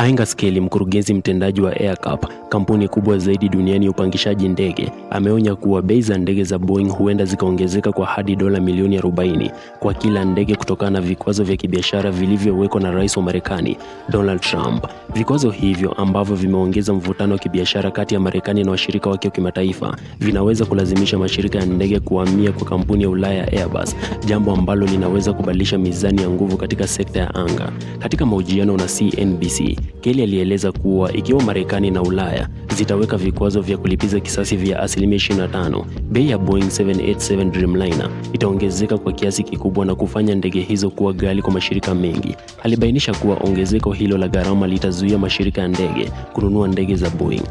Angus Kelly, mkurugenzi mtendaji wa AerCap, kampuni kubwa zaidi duniani ya upangishaji ndege, ameonya kuwa bei za ndege za Boeing huenda zikaongezeka kwa hadi dola milioni 40 kwa kila ndege kutokana na vikwazo vya kibiashara vilivyowekwa na Rais wa Marekani Donald Trump. Vikwazo hivyo ambavyo vimeongeza mvutano wa kibiashara kati ya Marekani na washirika wake wa kimataifa, vinaweza kulazimisha mashirika ya ndege kuhamia kwa kampuni ya Ulaya ya Airbus, jambo ambalo linaweza kubadilisha mizani ya nguvu katika sekta ya anga. Katika mahojiano na CNBC Kelly alieleza kuwa ikiwa Marekani na Ulaya zitaweka vikwazo vya kulipiza kisasi vya asilimia 25, bei ya Boeing 787 Dreamliner itaongezeka kwa kiasi kikubwa na kufanya ndege hizo kuwa ghali kwa mashirika mengi. Alibainisha kuwa ongezeko hilo la gharama litazuia mashirika ya ndege kununua ndege za Boeing.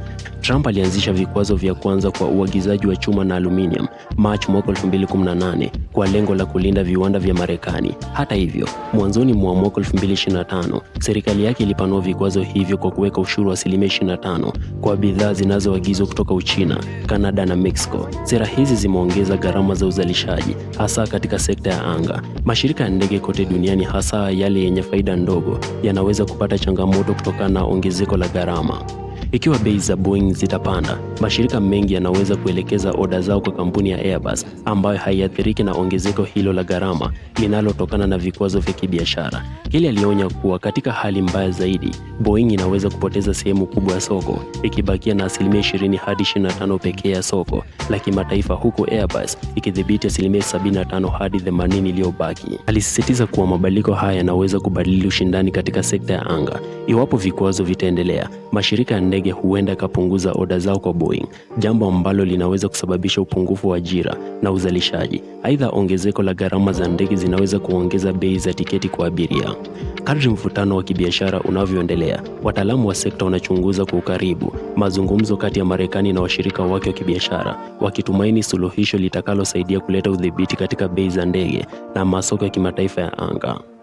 Trump alianzisha vikwazo vya kwanza kwa uagizaji wa chuma na aluminium March mwaka 2018 kwa lengo la kulinda viwanda vya Marekani. Hata hivyo, mwanzoni mwa mwaka 2025 serikali yake ilipanua vikwazo hivyo kwa kuweka ushuru wa asilimia 25 kwa bidhaa zinazoagizwa kutoka Uchina, Kanada na Mexico. Sera hizi zimeongeza gharama za uzalishaji hasa katika sekta ya anga. Mashirika ya ndege kote duniani, hasa yale yenye faida ndogo, yanaweza kupata changamoto kutokana na ongezeko la gharama. Ikiwa bei za Boeing zitapanda, mashirika mengi yanaweza kuelekeza oda zao kwa kampuni ya Airbus ambayo haiathiriki na ongezeko hilo la gharama linalotokana na vikwazo vya kibiashara. Kelly alionya kuwa katika hali mbaya zaidi, Boeing inaweza kupoteza sehemu kubwa ya soko, ikibakia na asilimia 20 hadi 25 pekee ya soko la kimataifa, huku Airbus ikidhibiti asilimia 75 hadi 80 iliyobaki. Alisisitiza kuwa mabadiliko haya yanaweza kubadili ushindani katika sekta ya anga iwapo vikwazo vitaendelea. Mashirika ya ndege huenda ikapunguza oda zao kwa Boeing, jambo ambalo linaweza kusababisha upungufu wa ajira na uzalishaji. Aidha, ongezeko la gharama za ndege zinaweza kuongeza bei za tiketi kwa abiria. Kadri mvutano wa kibiashara unavyoendelea, wataalamu wa sekta wanachunguza kwa ukaribu mazungumzo kati ya Marekani na washirika wake wa kibiashara, wakitumaini suluhisho litakalosaidia kuleta udhibiti katika bei za ndege na masoko ya kimataifa ya anga.